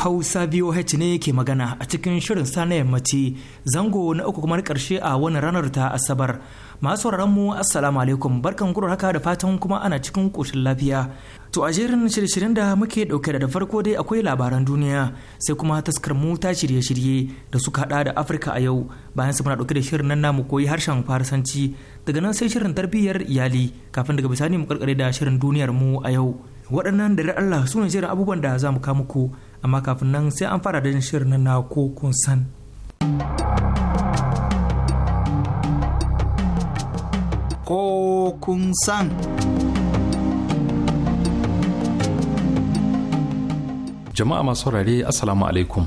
Hausa VOH ne ke magana a cikin shirin sa na yammaci zango na uku kuma karshe a wani ranar ta Asabar. Masu mu Assalamu alaikum barkan gudu haka da fatan kuma ana cikin ƙoshin lafiya. To a jerin shirye-shiryen da muke dauke da farko dai akwai labaran duniya sai kuma taskar mu ta shirye-shirye da suka hada da Afirka a yau bayan su muna dauke da shirin nan namu koyi harshen Farsanci daga nan sai shirin tarbiyyar iyali kafin daga bisani mu karkare da shirin duniyar mu a yau. Waɗannan da Allah su ne shirin abubuwan da za mu kawo muku amma kafin nan sai an fara da shirin na ko kun san ko san jama'a masu saurare assalamu alaikum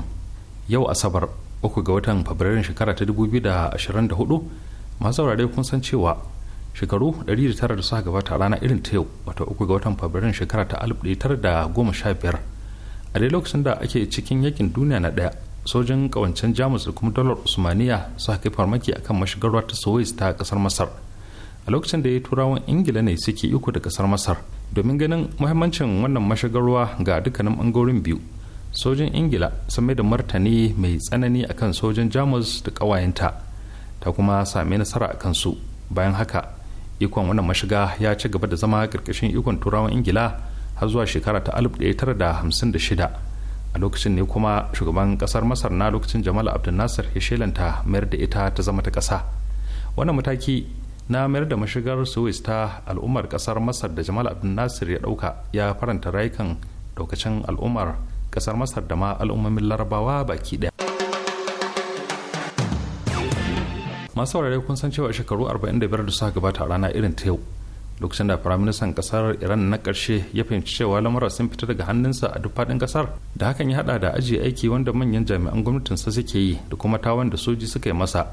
yau asabar uku ga watan fabrairun shekara ta 2024 masu saurare kun san cewa shekaru 109 da suka gabata rana irin ta yau wata uku ga watan fabrairun shekara ta 1915 a dai lokacin da ake cikin yakin duniya na daya sojin kawancen jamus da kuma dalar usmaniya suka haka farmaki akan mashigar ruwa ta suez ta kasar masar a lokacin da ya turawan ingila ne suke iko da kasar masar domin ganin muhimmancin wannan mashigar ruwa ga dukkanin bangarorin biyu sojin ingila sun mai da martani mai tsanani akan sojin jamus da kawayenta ta kuma sami nasara a kansu bayan haka ikon wannan mashiga ya ci gaba da zama karkashin ikon turawan ingila har zuwa shekara ta 1956 a lokacin ne kuma shugaban kasar masar na lokacin jamal abdul nasir ya shelanta mayar da ita ta zama ta kasa wannan mataki na mayar da mashigar suez ta al'ummar kasar masar da jamal abdul nasir ya dauka ya faranta rayukan lokacin al'ummar kasar masar da ma al'ummomin larabawa baki daya masu kun san cewa shekaru 45 da suka gabata a rana irin ta yau lokacin da firaministan kasar iran na karshe ya fahimci cewa lamura sun fita daga hannunsa a duk faɗin kasar da hakan ya hada da ajiye aiki wanda manyan jami'an gwamnatin sa suke yi da kuma ta da soji suka yi masa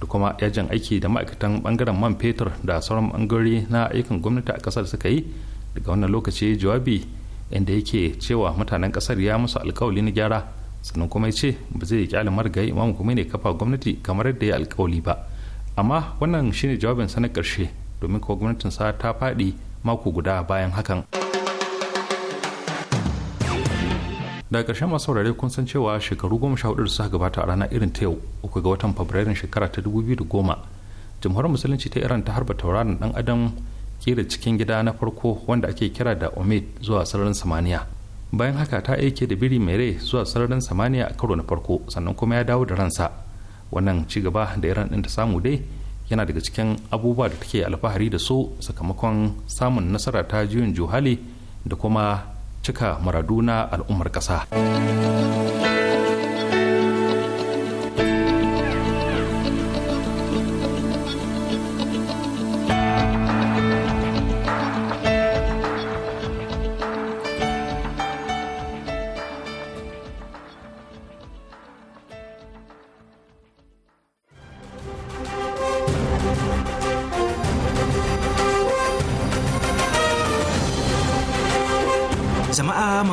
da kuma yajin aiki da ma'aikatan bangaren man fetur da sauran bangare na aikin gwamnati a kasar suka yi daga wannan lokaci jawabi inda yake cewa mutanen kasar ya musu alkawali na gyara sannan kuma ya ce ba zai yi kyalin marigayi imam kuma ne kafa gwamnati kamar yadda ya alkawali ba amma wannan shine jawabin sa na karshe domin kuwa sa ta faɗi mako guda bayan hakan daga ƙarshen masu saurare kun san cewa shekaru goma sha hudu suka gabata a rana irin ta yau uku ga watan fabrairun shekara ta dubu biyu da goma jamhuriyar musulunci ta iran ta harba tauraron dan adam kera cikin gida na farko wanda ake kira da omid zuwa sararin samaniya bayan haka ta aike da biri mai rai zuwa sararin samaniya a karo na farko sannan kuma ya dawo da ransa wannan ci gaba da iran din ta samu dai yana daga cikin abubuwa da take alfahari da su sakamakon samun nasara ta juyin juhali da kuma cika maradu na al'ummar ƙasa.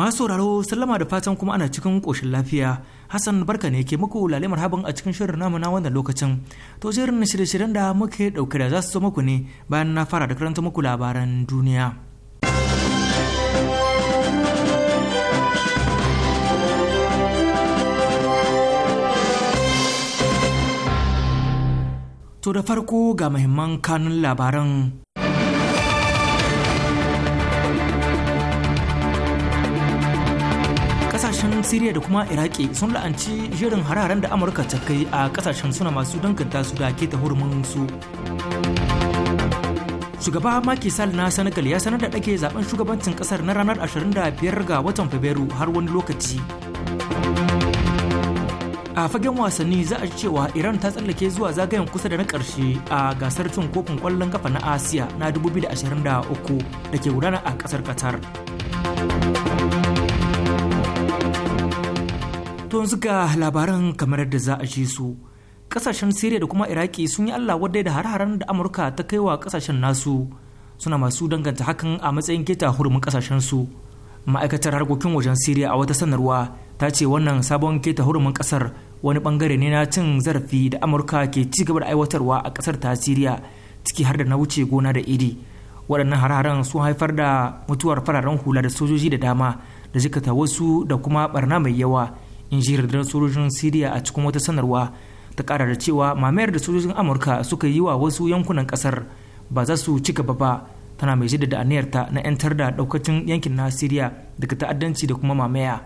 masu sauraro sallama da fatan kuma ana cikin koshin lafiya hassan barka ne ke muku lalimar habin a cikin shirin namu na wannan lokacin to jerin shirye-shiryen da muke ɗauke da za su zo muku ne bayan na fara da karanta muku labaran duniya To da farko ga mahimman kanun labaran. Kasashen Siriya da kuma Iraki sun la'anci shirin hararen da Amurka ta kai a kasashen suna masu danganta su da keta hurumin su. Shugaba Macky Sall na Senegal ya sanar da ɗage zaben shugabancin kasar na ranar 25 ga watan Fabrairu har wani lokaci. a fagen wasanni za a cewa iran ta tsallake zuwa zagayen kusa da na karshe a gasar cin kofin kwallon kafa na asiya na 2023 da ke gudana a kasar qatar to yanzu ga labaran kamar da za a ji su kasashen Siriya da kuma Iraki sun yi Allah wadai da har-haren da Amurka ta kai wa kasashen nasu suna masu danganta hakan a matsayin keta hurumin kasashen su ma'aikatar harkokin wajen Siriya a wata sanarwa ta ce wannan sabon keta hurumin kasar wani bangare ne na cin zarafi da Amurka ke ci gaba da aiwatarwa a kasar ta Siriya ciki har da na wuce gona da iri waɗannan har-haren sun haifar da mutuwar fararen hula da sojoji da dama da jikata wasu da kuma barna mai yawa in ji rundunar sojojin siriya a cikin wata sanarwa ta kara da cewa mamayar da sojojin amurka suka yi wa wasu yankunan kasar ba za su ci gaba ba tana mai jaddada aniyarta na 'yantar da daukacin yankin na siriya daga ta'addanci da kuma mamaya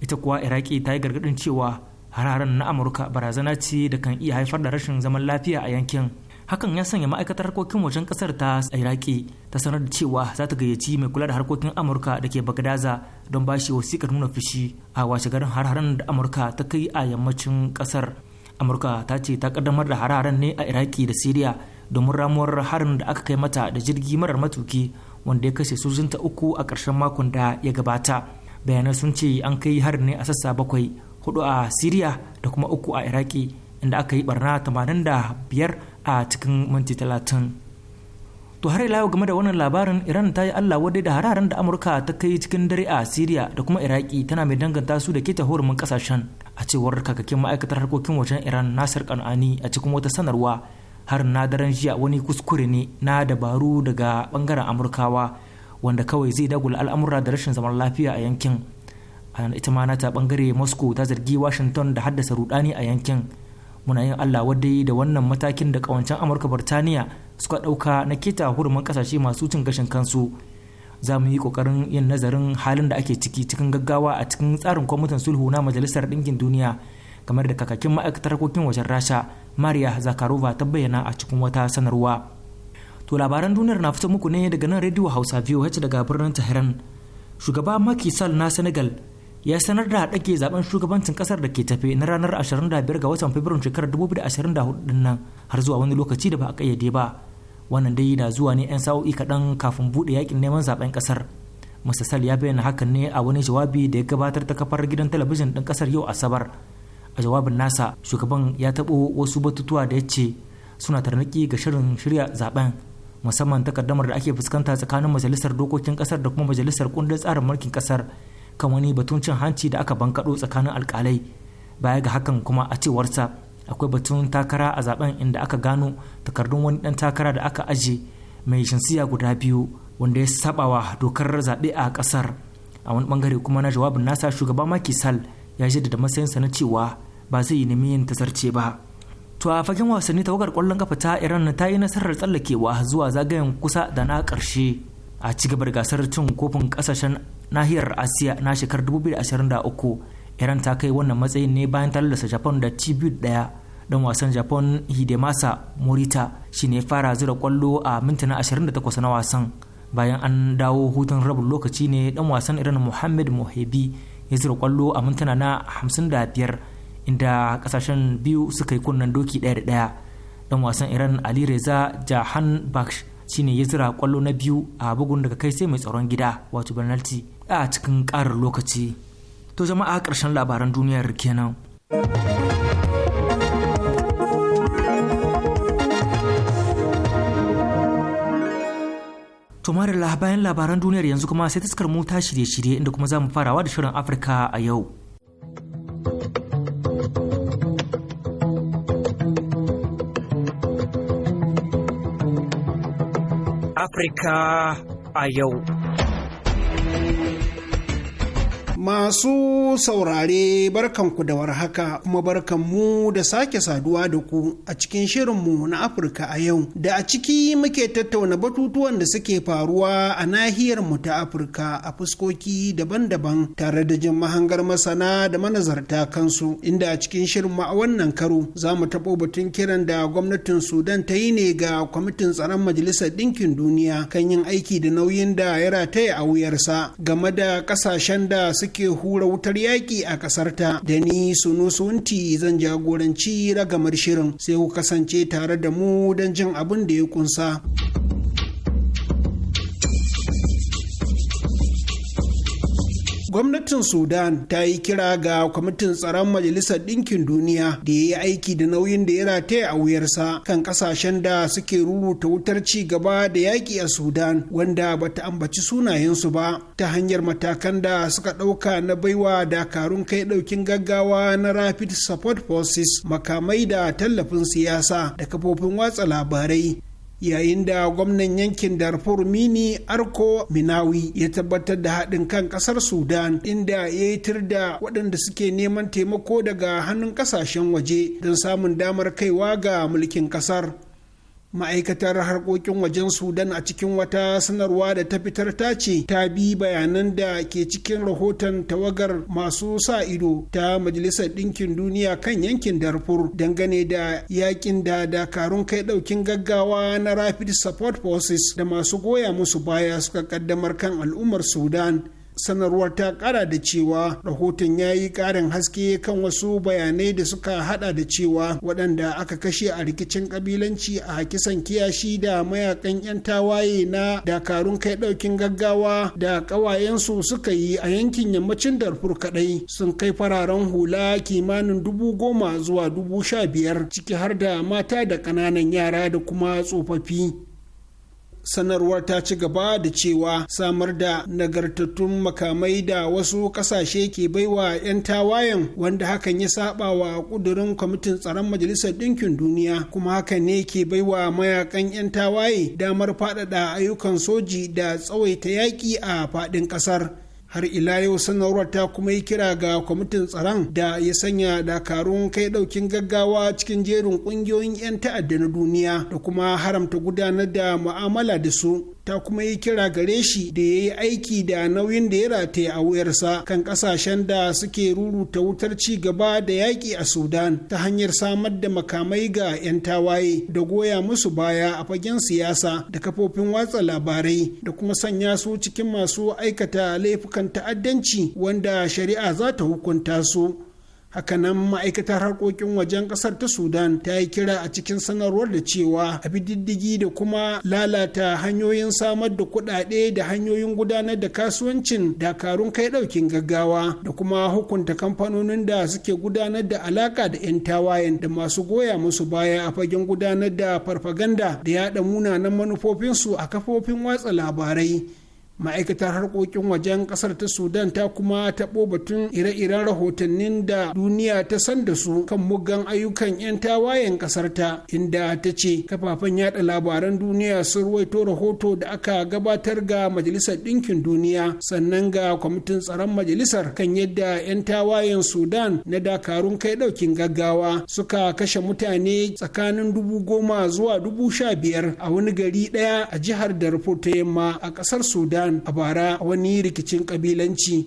ita kuwa iraki ta yi gargadin cewa hararen na amurka barazana ce da kan iya haifar da rashin zaman lafiya a yankin hakan ya sanya ma'aikatar harkokin wajen kasar ta iraki ta sanar da cewa za ta gayyaci mai kula da harkokin amurka da ke bagdaza don ba shi wasikar nuna fushi a washe garin har da amurka ta kai a yammacin kasar amurka ta ce ta kaddamar da hararen ne a iraki da siriya domin ramuwar harin da aka kai mata da jirgi marar matuki wanda ya kashe sojinta uku a ƙarshen makon da ya gabata bayanai sun ce an kai harin ne a sassa bakwai hudu a siriya da kuma uku a iraki inda aka yi barna 85 a cikin minti talatin to har ila game da wannan labarin iran ta yi allah wadai da hararen da amurka ta kai cikin dare a syria da kuma iraki tana mai danganta su da ta hurumin kasashen a cewar kakakin ma'aikatar harkokin wajen iran nasir kan'ani a cikin wata sanarwa har na daren jiya wani kuskure ne na dabaru daga bangaren amurkawa wanda kawai zai dagula al'amura da rashin zaman lafiya a yankin ita ma nata bangare moscow ta zargi washington da haddasa rudani a yankin muna yin allah wadai da wannan matakin da kawancen amurka birtaniya suka ɗauka na keta hurumin kasashe masu cin gashin kansu za mu yi kokarin yin nazarin halin da ake ciki cikin gaggawa a cikin tsarin kwamitin sulhu na majalisar ɗinkin duniya kamar da kakakin ma'aikatar harkokin wajen rasha maria zakarova ta bayyana a cikin wata sanarwa to labaran duniyar na fito muku ne daga nan rediyo hausa voh daga birnin tehran shugaba makisal Sall na Senegal ya sanar da ke zaben shugabancin kasar da ke tafe na ranar 25 ga watan fabrairun shekarar 2024 din nan har zuwa wani lokaci da ba a kayyade ba wannan dai na zuwa ne 'yan sa'o'i kaɗan kafin buɗe yakin neman zaben kasar masasal ya bayyana hakan ne a wani jawabi da ya gabatar ta kafar gidan talabijin ɗin kasar yau asabar a jawabin nasa shugaban ya taɓo wasu batutuwa da ya ce suna tarnaki ga shirin shirya zaben musamman takaddamar da ake fuskanta tsakanin majalisar dokokin ƙasar da kuma majalisar kundin tsarin mulkin kasar kan wani batun cin hanci da aka bankaɗo tsakanin alkalai baya ga hakan kuma a cewarsa akwai batun takara a zaben inda aka gano takardun wani dan takara da aka aje mai shinsiya guda biyu wanda ya sabawa dokar zaɓe a ƙasar a wani bangare kuma na jawabin nasa shugaba Macky Sall ya da matsayinsa na cewa ba zai yi nemi yin tazarce ba to a fagen wasanni tawagar kwallon kafa ta Iran ta yi nasarar tsallakewa zuwa zagayen kusa da na ƙarshe a ci gabar gasar cin kofin kasashen nahiyar asiya na shekarar 2023 iran ta kai wannan matsayin ne bayan tallasa japan da ci daya dan wasan japan hidemasa morita shine fara zira kwallo a mintuna 28 na wasan bayan an dawo hutun rabin lokaci ne dan wasan iran muhammad mohebi ya zira kwallo a mintuna na 55 inda kasashen biyu suka yi kunnen doki daya da daya dan wasan iran ali reza jahan baksh shine ya zira kwallo na biyu a bugun daga kai sai mai tsaron gida wato penalty a cikin karar lokaci to jama'a ƙarshen labaran duniyar kenan To Marilla bayan labaran duniyar yanzu kuma sai taskar mu ta shirye-shirye inda kuma za mu farawa da shirin Afirka a yau. Afirka a yau. Masu saurare barkanku da warhaka kuma barkanmu da sake saduwa da ku a cikin shirinmu na Afirka a yau da a ciki muke tattauna batutuwan da suke faruwa a nahiyar mu ta Afirka a fuskoki daban-daban tare da jin mahangar masana da manazarta kansu inda a cikin shirinmu a wannan karo za mu taɓo batun kiran da gwamnatin Sudan ta yi ne ga kwamitin tsaron Majalisar Ɗinkin Duniya kan yin aiki da nauyin da ya rataya a wuyarsa game da ƙasashen da suke suke hura wutar yaƙi a ƙasarta da ni sunusunti zan jagoranci ragamar shirin sai ku kasance tare da mu don jin abin da ya kunsa. gwamnatin sudan ta yi kira ga kwamitin tsaron majalisar ɗinkin duniya da ya yi aiki da nauyin da ya rataya a wuyarsa kan ƙasashen da suke rubuta wutar ci gaba da yaƙi a sudan wanda ba ta ambaci sunayensu ba ta hanyar matakan da suka ɗauka na baiwa dakarun kai ɗaukin gaggawa na rapid support forces makamai da tallafin siyasa da kafofin watsa labarai yayin da gwamnan yankin darfur mini arko minawi ya tabbatar da haɗin kan ƙasar sudan inda ya yi tir da waɗanda suke neman taimako daga hannun ƙasashen waje don samun damar kaiwa ga mulkin ƙasar ma'aikatar harkokin wajen sudan a cikin wata sanarwa da ta fitar ta ce ta bi bayanan da ke cikin rahoton tawagar masu sa ido ta majalisar ɗinkin duniya kan yankin darfur dangane da yakin da dakarun kai ɗaukin gaggawa na rapid support forces da masu goya musu baya suka ƙaddamar kan al'ummar sudan sanarwar ta kara da cewa rahoton ya yi karin haske kan wasu bayanai da suka hada da cewa waɗanda aka kashe a rikicin kabilanci a hakisan kiyashi da mayakan 'yan tawaye na dakarun kai ɗaukin gaggawa da ƙawayensu suka yi a yankin yammacin darfur kaɗai sun kai fararen hula kimanin dubu goma zuwa dubu sha biyar ciki har da mata da ƙananan yara da kuma tsofaffi sanarwar ta ci gaba da cewa samar da nagartattun makamai da wasu kasashe ke baiwa 'yan tawayen wanda hakan ya saba wa kudurin kwamitin tsaron majalisar ɗinkin duniya kuma hakan ne ke baiwa mayakan 'yan tawaye damar faɗaɗa ayyukan soji da tsawaita yaƙi a faɗin ƙasar har ila yau sanarwar ta kuma yi kira ga kwamitin tsaron da ya sanya dakarun kai daukin gaggawa cikin jerin kungiyoyin 'yan ta'adda na duniya da kuma haramta gudanar da mu'amala da su ta kuma yi kira gare shi da ya yi aiki da nauyin da ya rataye a wuyarsa kan kasashen da suke ruruta wutar ci gaba da yaƙi a sudan ta hanyar samar da makamai ga 'yan tawaye da goya musu baya a fagen siyasa da kafofin watsa labarai da kuma sanya su cikin masu aikata laifukan ta'addanci wanda shari'a za ta hukunta su hakanan ma'aikatar harkokin wajen kasar ta sudan ta yi kira a cikin sanarwar da cewa a diddigi da kuma lalata hanyoyin samar da kuɗaɗe da hanyoyin gudanar da kasuwancin dakarun kai ɗaukin gaggawa da kuma hukunta kamfanonin da suke gudanar da alaka da 'yan tawayen da masu goya musu baya a fagen gudanar da farfaganda da yaɗa munanan manufofinsu a kafofin watsa labarai ma'aikatar harkokin wajen kasar ta sudan ta kuma taɓo batun ire-iren rahotannin da duniya ta san da su kan muggan ayyukan 'yan tawayen kasar ta inda ta ce kafafen yada labaran duniya sun ruwaito rahoto da aka gabatar ga majalisar ɗinkin duniya sannan ga kwamitin tsaron majalisar kan yadda 'yan tawayen sudan na dakarun kai ɗaukin gaggawa suka kashe mutane tsakanin dubu goma zuwa dubu sha biyar a wani gari ɗaya a jihar darfur ta yamma a ƙasar sudan Sudan a bara wani rikicin kabilanci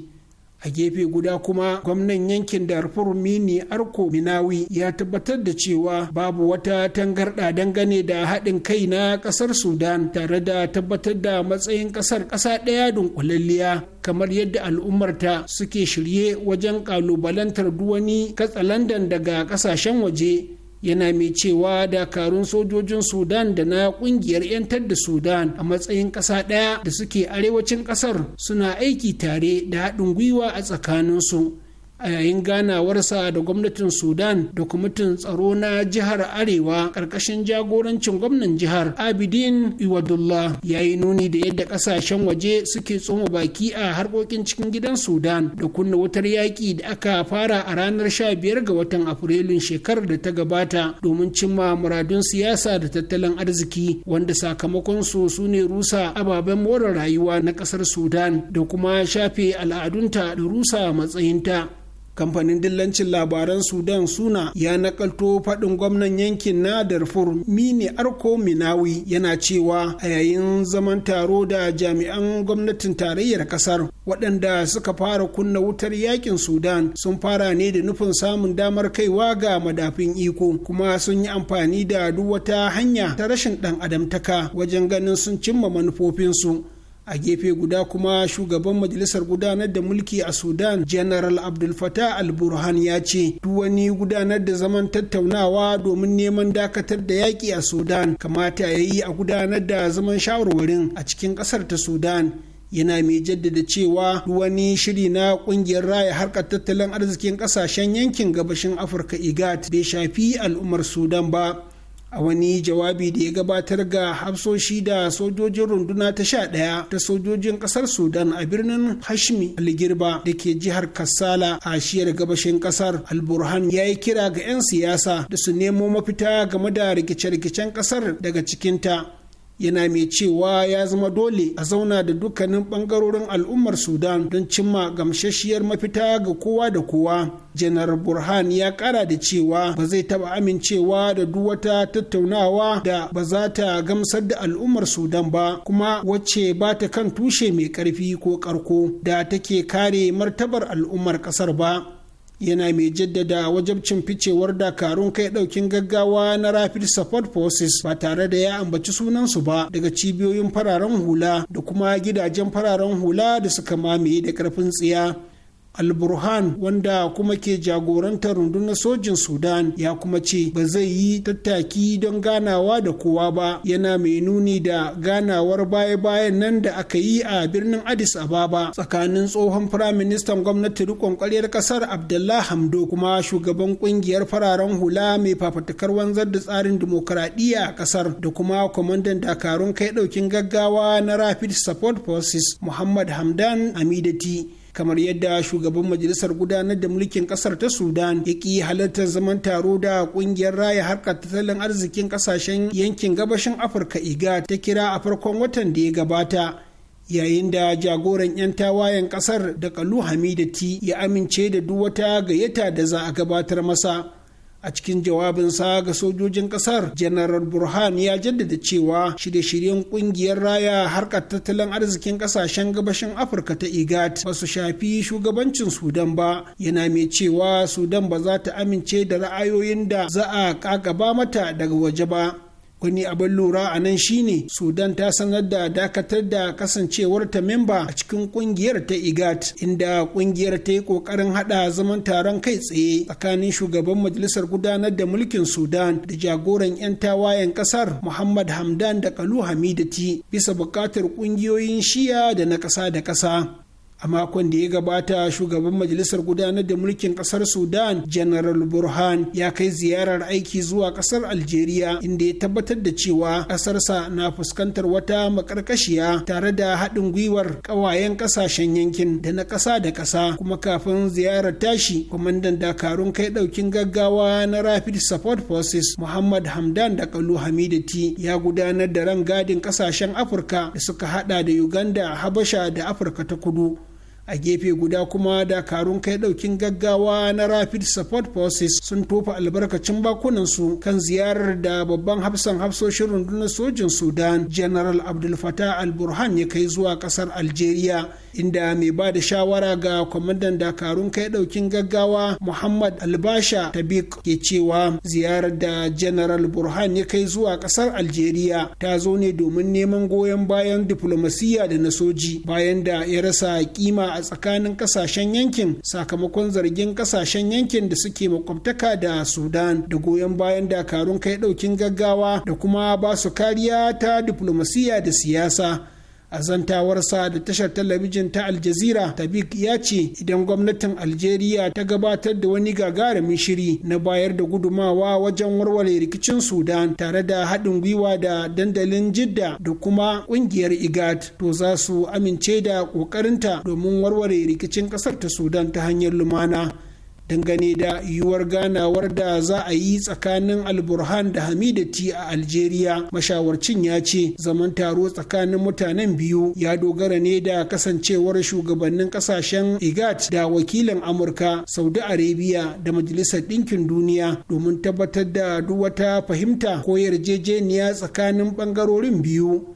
a gefe guda kuma gwamnan yankin darfur mini arko minawi ya tabbatar da cewa babu wata tangarɗa dangane da haɗin kai na ƙasar sudan tare da tabbatar da matsayin ƙasar ƙasa ɗaya dunkulalliya kamar yadda al'ummarta suke shirye wajen ƙalubalantar duwani katsalandan daga ƙasashen waje yana mai cewa dakarun sojojin sudan da na kungiyar 'yantar da sudan a matsayin ƙasa ɗaya da suke arewacin ƙasar suna aiki tare da haɗin gwiwa a tsakaninsu a yayin ganawarsa da gwamnatin sudan da kwamitin tsaro na jihar arewa ƙarƙashin jagorancin gwamnan jihar abidin iwadullah ya yi nuni da yadda ƙasashen waje suke tsoma baki a harkokin cikin gidan sudan da kunna wutar yaƙi da aka fara a ranar 15 ga watan afrilun shekarar da ta gabata domin cimma muradun siyasa da tattalin arziki wanda sakamakon su sune rusa ababen more rayuwa na ƙasar sudan da kuma shafe al'adunta da rusa matsayinta kamfanin dillancin labaran sudan suna ya nakalto faɗin gwamnan yankin na darfur mini arko minawi yana cewa a yayin zaman taro da jami'an gwamnatin tarayyar ƙasar, waɗanda suka fara kunna wutar yakin sudan sun fara ne da nufin samun damar kaiwa ga madafin iko kuma sun yi amfani da duk wata hanya ta rashin ɗan adamtaka wajen ganin sun cimma manufofinsu a gefe guda kuma shugaban majalisar gudanar da mulki a sudan general abdul fatah al-burhan ya ce duk wani gudanar da zaman tattaunawa domin neman dakatar da yaƙi a sudan kamata ya yi a gudanar da zaman shawarwarin a cikin ƙasar ta sudan yana mai jaddada cewa wani shiri na kungiyar raya harkar tattalin arzikin kasashen yankin gabashin afirka igat bai shafi al'ummar sudan ba a wani jawabi da ya gabatar ga hafsoshi da sojojin runduna ta sha ɗaya ta sojojin ƙasar sudan a birnin hashmi aligirba da ke jihar kassala a shiyar gabashin ƙasar alburhan ya yi kira ga 'yan siyasa da su nemo mafita game da rikice-rikicen ƙasar daga cikinta yana mai cewa ya zama dole a zauna da dukkanin bangarorin al'ummar sudan don cimma gamsasshiyar mafita ga kowa da kowa janar burhan ya kara da cewa ba zai taba amincewa da duk wata tattaunawa da ba za ta gamsar da al'ummar sudan ba kuma wacce ba ta kan tushe mai karfi ko karko da take kare martabar al'ummar kasar ba yana mai jaddada wajabcin ficewar dakarun kai daukin gaggawa na rapid support forces ba tare da ya ambaci sunansu ba daga cibiyoyin fararen hula da kuma gidajen fararen hula da suka mamaye da karfin tsiya alburhan wanda kuma ke jagorantar rundunar sojin sudan ya kuma ce ba zai yi tattaki don ganawa da kowa ba yana mai nuni da ganawar baya-bayan nan da aka yi a birnin addis ababa tsakanin tsohon firaministan gwamnati rikon kwaryar kasar abdullah hamdo kuma shugaban kungiyar fararen hula mai fafatakar wanzar da tsarin dimokuraɗiyya a kasar da kuma kwamandan dakarun kai ɗaukin gaggawa na rapid support forces muhammad hamdan amidati kamar yadda shugaban majalisar gudanar da mulkin kasar ta sudan ya ki halartar zaman taro da kungiyar raya harkar tattalin arzikin kasashen yankin gabashin afirka iga ta kira a farkon watan da ya gabata yayin da jagoran 'yan tawayen kasar da kalu hamidati ya amince da duk wata gayyata da za a gabatar masa a cikin jawabinsa ga sojojin kasar janaral burhan ya jaddada cewa shirye-shiryen kungiyar raya harkar tattalin arzikin kasashen gabashin afirka ta igat ba su shafi shugabancin sudan ba yana mai cewa sudan ba za ta amince da ra'ayoyin da za a kakaba mata daga waje ba wani abin lura a nan shine sudan ta sanar da dakatar da kasancewarta memba a cikin kungiyar ta igat inda kungiyar ta yi kokarin hada zaman taron kai tsaye tsakanin shugaban majalisar gudanar da mulkin sudan da jagoran 'yan tawayen kasar muhammad hamdan da kalu hamidati bisa bukatar kungiyoyin shiya da na kasa da kasa a makon da ya gabata shugaban majalisar gudanar da mulkin kasar sudan general burhan ya kai ziyarar aiki zuwa kasar algeria inda ya tabbatar da cewa kasarsa na fuskantar wata makarkashiya tare da haɗin gwiwar ƙawayen ƙasashen yankin da na ƙasa da ƙasa kuma kafin ziyarar tashi kwamandan dakarun kai ɗaukin gaggawa na rapid support forces muhammad hamdan da kalu hamidati ya gudanar da ran gadin ƙasashen afirka da suka haɗa da uganda habasha da afirka ta kudu a gefe guda kuma dakarun kai daukin gaggawa na rapid support forces sun tofa albarkacin su kan ziyarar da babban hafsan hafsoshin rundunar sojin sudan general abdul fatah al-burhan ya kai zuwa kasar algeria inda mai ba da shawara ga kwamandan dakarun kai daukin gaggawa muhammad albasha tabik ke cewa ziyarar da general burhan ya kai zuwa kasar algeria ta zo ne domin neman goyon bayan diflomasiyya da na soji bayan da ya rasa kima a tsakanin kasashen yankin sakamakon zargin kasashen yankin da suke makwabtaka da sudan da goyon bayan dakarun kai daukin gaggawa da kuma ba su kariya ta diflomasiya da siyasa a zantawarsa da tashar talabijin ta aljazira tabik ya ce idan gwamnatin algeria ta gabatar da wani gagarumin shiri na bayar da gudumawa wajen warware rikicin sudan tare da haɗin gwiwa da dandalin jidda da kuma ƙungiyar igad to za su amince da ƙoƙarinta domin warware rikicin ƙasar ta sudan ta hanyar lumana dangane da yiwuwar ganawar da za a yi tsakanin alburhan da hamidati a algeria mashawarcin ya ce zaman taro tsakanin mutanen biyu ya dogara ne da kasancewar shugabannin kasashen igat da wakilin amurka saudi arabia da majalisar ɗinkin duniya domin tabbatar da duk wata fahimta ko yarjejeniya tsakanin ɓangarorin biyu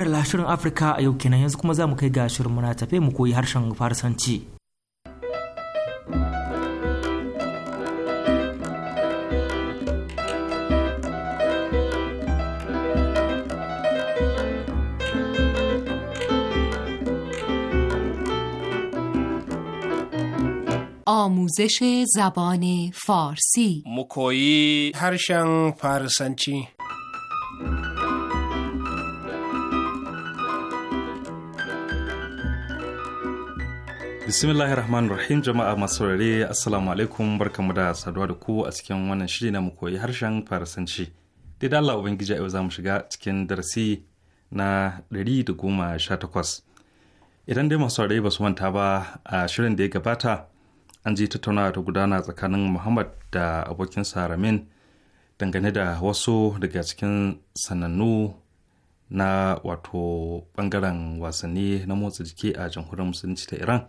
kammala shirin Afirka a yau kenan yanzu kuma za mu kai ga shirin muna tafe mu koyi harshen Farsanci. آموزش زبان فارسی مکویی هرشن فارسنچی Bismillahirrahmanirrahim jama'a masu saurare assalamu alaikum barkamu da saduwa da ku a cikin wannan shiri na mu koyi harshen farasanci Dai da Allah Ubangiji yau za mu shiga cikin darasi na da goma sha takwas. Idan dai masu saurare ba su manta ba a shirin da ya gabata an ji tattauna da gudana tsakanin Muhammad da abokin saramin dangane da wasu daga cikin sanannu na wato bangaren wasanni na motsa jiki a jamhuriyar musulunci ta Iran.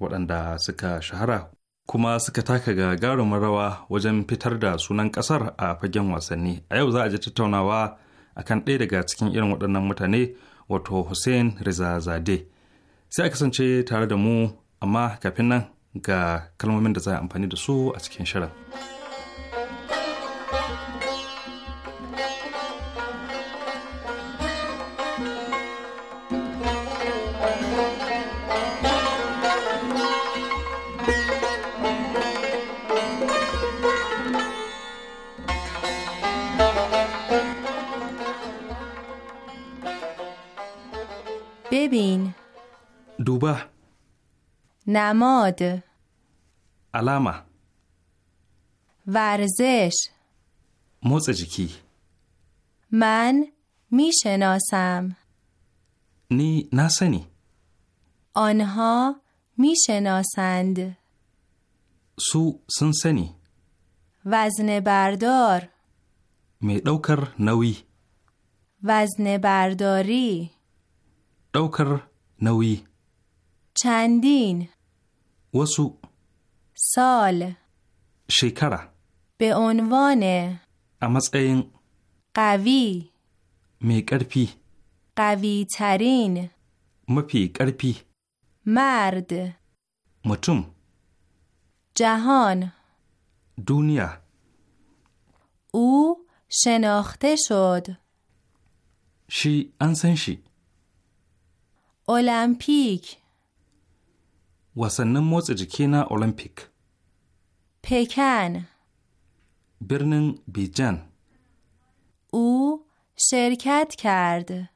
waɗanda suka shahara kuma suka taka gagarumin rawa wajen fitar da sunan ƙasar a fagen wasanni a yau za a ji tattaunawa a kan ɗaya daga cikin irin waɗannan mutane wato hussein riza zade sai a kasance tare da mu amma kafin nan ga kalmomin da za a amfani da su a cikin shirin. ببین دوبه نماد علامه ورزش موز من میشناسم نی نسنی آنها میشناسند سو سنسنی وزن بردار می نوی وزن برداری ɗaukar نویی چندین وسو سال شکر به عنوان امسعین قوی مگرپی قویترین قوی ترین مرد متوم جهان دنیا او شناخته شد شی شی Olympic. Wasannin motsa jiki na Olympic. Pekan. Birnin Bijan. U shirkat kard.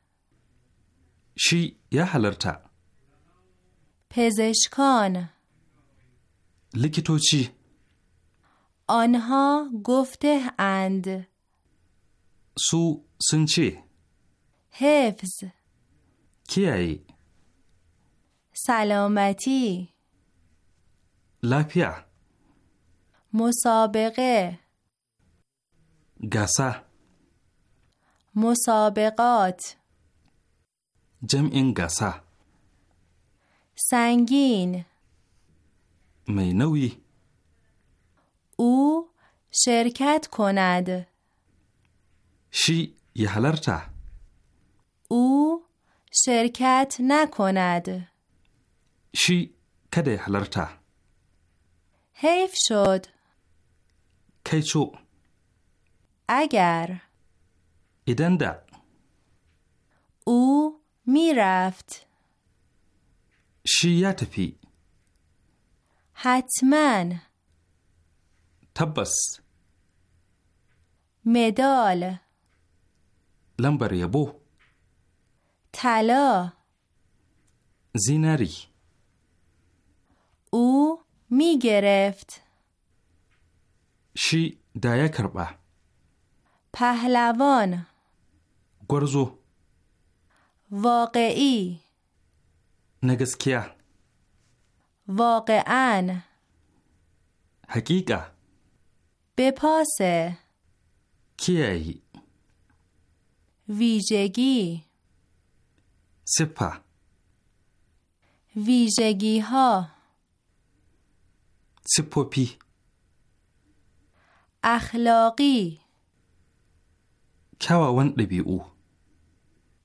Shi ya halarta. Pezeshkan. Likitoci. gofte and Su sun ce. Hefs. kiyaye سلامتی لپیا مسابقه گسه مسابقات جمع گسه سنگین مینوی او شرکت کند شی یهلرتا او شرکت نکند شی کده حلرتا حیف شد کیچو اگر ایدن او میرفت شیت پی حتما تبس مدال لمبر یبو طلا زیناری او می گرفت شی دایه کربه پهلوان گرزو واقعی نگسکیه واقعا حقیقه بپاسه کیایی ویژگی سپا. ویژگی ها سپوپی اخلاقی کواون او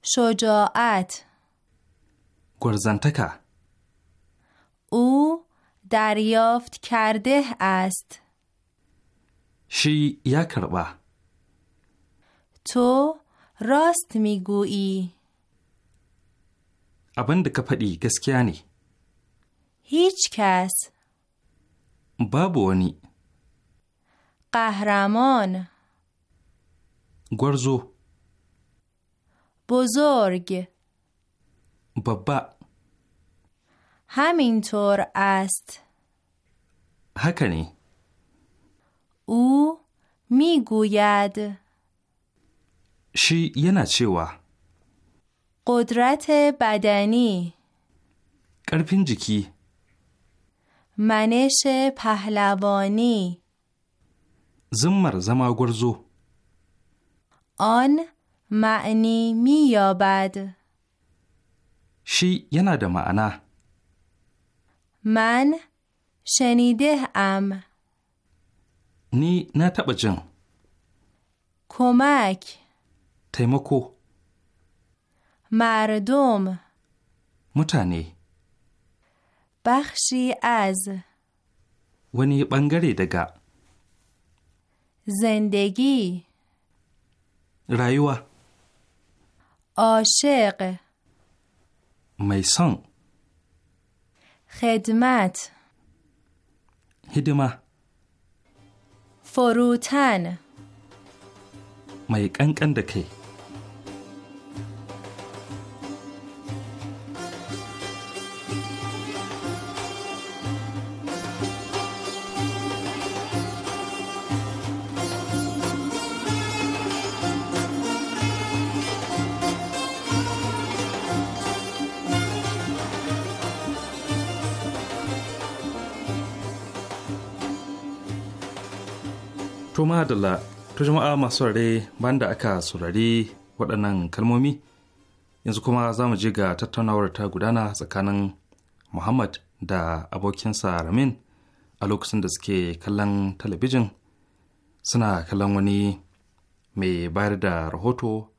شجاعت گرزنتکا او دریافت کرده است شی کربا تو راست میگویی ابند کپدی گسکیانی هیچ کس. بابوانی قهرمان گرزو بزرگ بابا همینطور است هکنی او میگوید شی یه و قدرت بدنی کرپین منش پهلوانی زمر زما گرزو آن معنی می یابد شی ینا ده معنا من شنیده ام نی نه جن کمک تیمکو مردم متانی بخشی از ونی بنگری دگا زندگی رایوه عاشق میسان خدمت هدمه فروتن mai ƙanƙan da kai. madalla to jama'a masu rare banda aka saurari waɗannan kalmomi yanzu kuma za mu je ga tattaunawar ta gudana tsakanin muhammad da abokinsa ramin a lokacin da suke kallon talabijin suna kallon wani mai bayar da rahoto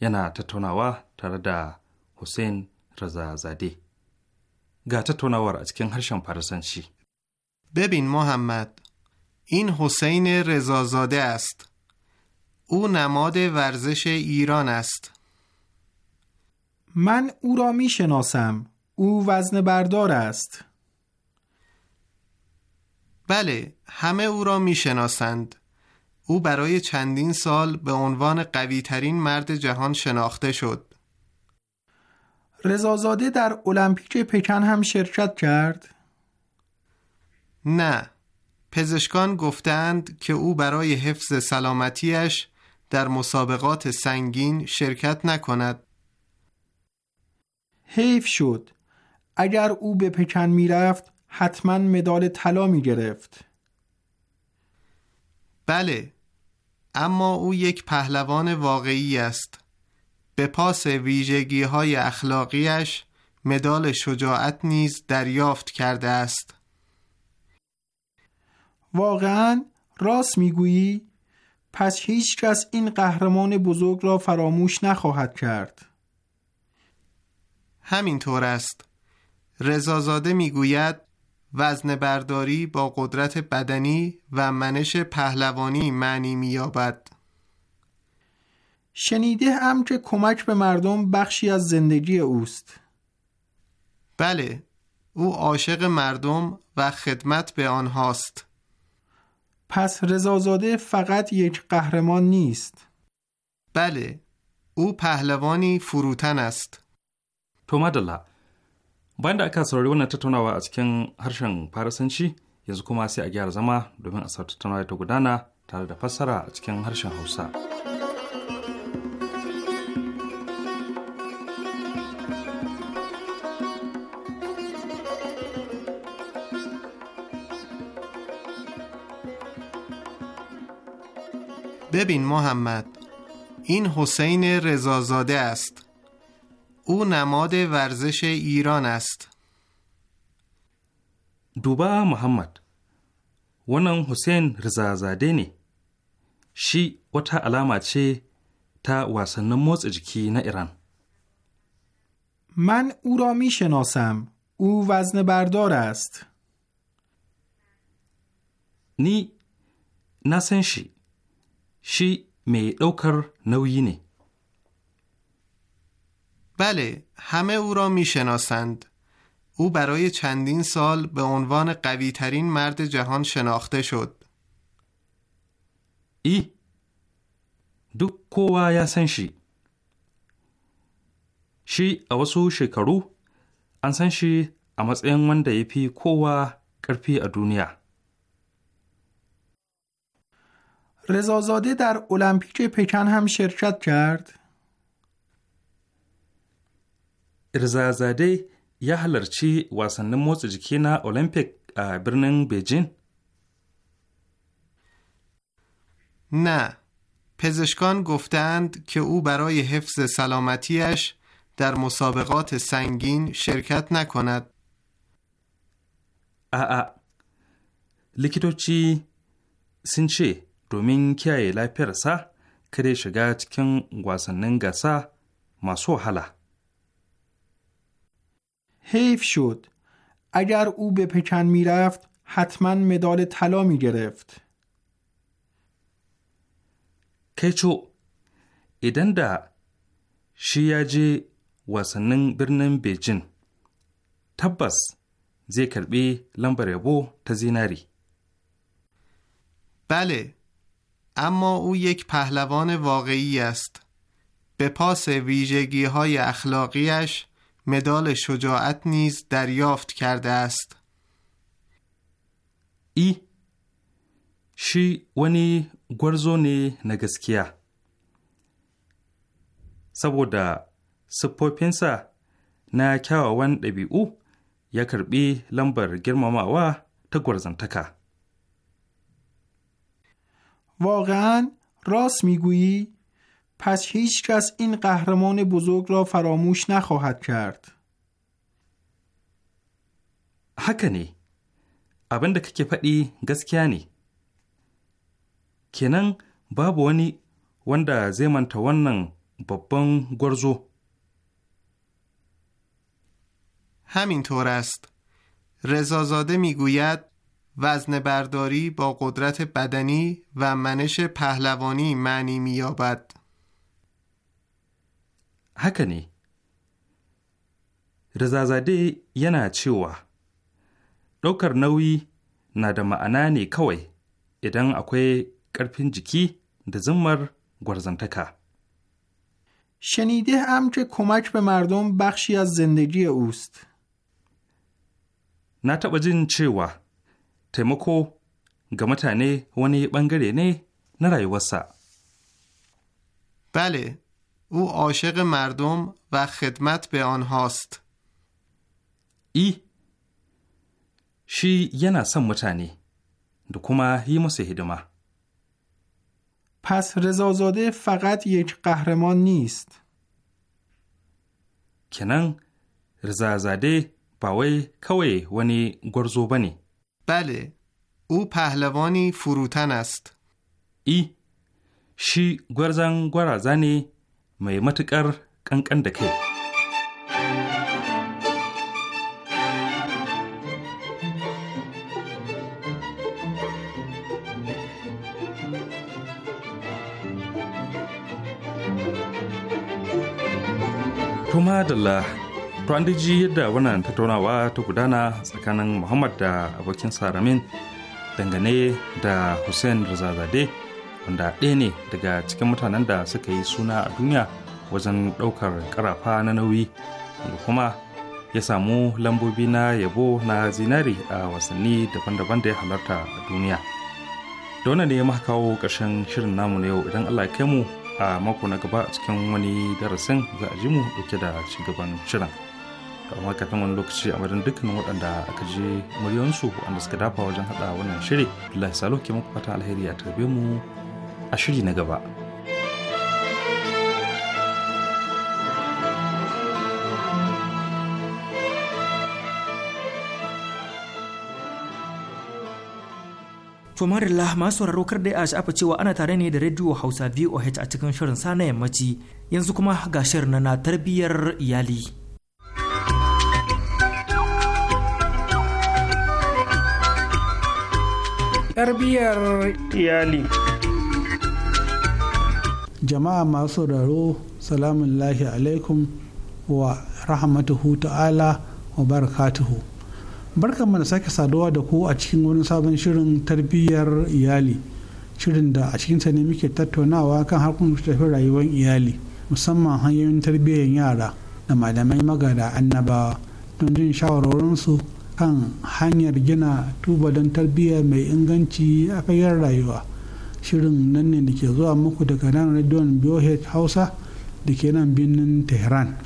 yana tattaunawa tare da hussein razazade ga tattaunawar a cikin harshen farisanci Babin Muhammad. این حسین رضازاده است او نماد ورزش ایران است من او را می شناسم او وزن بردار است بله همه او را می شناسند او برای چندین سال به عنوان قوی ترین مرد جهان شناخته شد رضازاده در المپیک پکن هم شرکت کرد؟ نه پزشکان گفتند که او برای حفظ سلامتیش در مسابقات سنگین شرکت نکند حیف شد اگر او به پکن رفت حتما مدال طلا می گرفت بله اما او یک پهلوان واقعی است به پاس ویژگی های اخلاقیش مدال شجاعت نیز دریافت کرده است واقعا راست میگویی؟ پس هیچکس این قهرمان بزرگ را فراموش نخواهد کرد همینطور است رزازاده میگوید وزن برداری با قدرت بدنی و منش پهلوانی معنی مییابد شنیده هم که کمک به مردم بخشی از زندگی اوست بله او عاشق مردم و خدمت به آنهاست پس رضازاده فقط یک قهرمان نیست بله او پهلوانی فروتن است تو bayan da aka saurari wannan tattaunawa a cikin harshen Faransanci, yanzu kuma sai a gyara zama domin a sa tattaunawa ta gudana tare da fassara a cikin harshen hausa. ببین محمد این حسین رضازاده است او نماد ورزش ایران است دوبا محمد wannan حسین رضازاده نی و تا تا چه تا واسن motsa jiki نه ایران من او را می شناسم او وزن بردار است نی نسن شی می دوکر بله همه او را میشناسند او برای چندین سال به عنوان قوی ترین مرد جهان شناخته شد. ای دو کووا یا سنشی شی اوسو شکرو انسنشی اما سین ونده یفی کووا کرفی ا دنیا رضازاده در المپیک پکن هم شرکت کرد؟ رضازاده یا هلرچی واسن motsa jiki na اولمپیک برنن نه پزشکان گفتند که او برای حفظ سلامتیش در مسابقات سنگین شرکت نکند آ آ لیکیتوچی چی؟ domin kiyaye lafiyarsa kada ya shiga cikin wasannin gasa masu wahala. حیف شد اگر او به پکن رفت حتما مدال طلا می گرفت کچو ایدن دا شیاجی واسنن برنن بیجن. تبس زی کربی لمبر یبو تزیناری بله اما او یک پهلوان واقعی است به پاس ویژگی های اخلاقیش مدال شجاعت نیز دریافت کرده است ای شی ونی گرزو نه نگسکیا saboda دبی دبی یا کربی لمبر گرماما لمبر تا گرزن تکا واقعا راست میگویی؟ پس هیچکس این قهرمان بزرگ را فراموش نخواهد کرد. حکنی، ابنده abin da kake faɗi gaskiya ne kenan babu wani wanda wannan babban gwarzo همینطور است رضازاده میگوید وزن برداری با قدرت بدنی و منش پهلوانی معنی میابد. هکنی نی رزازده یه نه چیوه دوکر نوی نه ده معنی کوی کوه اکوی اکوه کرپین جکی شنیده هم که کمک به مردم بخشی از زندگی اوست نه تا بجین taimako ga mutane wani bangare ne na rayuwarsa. بله او عاشق مردم و خدمت به آنهاست ای شی یه سن متانی دو kuma یه مسیح پس رضازاده فقط یک قهرمان نیست. کنن رضازاده باوی کوی ونی گرزو بنی. بله او پهلوانی فروتن است ای شی گرزن گرازنی می متکر کنکن دکه Tuma da To an ji yadda wannan tattaunawa ta gudana tsakanin Muhammad da abokin Saramin dangane da Hussein Rizazade wanda ɗaya ne daga cikin mutanen da suka yi suna a duniya wajen ɗaukar karafa na nauyi wanda kuma ya samu lambobi na yabo na zinari a wasanni daban-daban da ya halarta a duniya. Da wannan ne ya kawo ƙarshen shirin namu na yau idan Allah ya kai mu a mako na gaba cikin wani darasin za a ji mu dauke da shugaban shirin. kamar amma kafin wani lokaci a madan dukkanin waɗanda aka je muryansu wanda suka dafa wajen haɗa wannan shiri Abdullahi Salo ke muku fata alheri a tarbe mu a shiri na gaba. To masu sauraro kar dai a sha'afa cewa ana tare ne da Radio Hausa VOH a cikin shirin sa na yammaci yanzu kuma ga shirin na tarbiyyar iyali. tarbiyyar iyali jama'a masu sauraro salamun lahi alaikum wa rahmatuhu ta'ala wa barakatuhu barkan mu da sake saduwa da ku a cikin wani sabon shirin tarbiyyar iyali shirin da a cikinsa ne muke tattaunawa kan harkun tafi rayuwar iyali musamman hanyoyin tarbiyyar yara da malamai magada annabawa don jin shawarorinsu kan hanyar gina tuba don tarbiyya mai inganci a fagen rayuwa shirin nan ne da ke zuwa muku daga nan rediyon biohet Hausa da ke nan birnin Tehran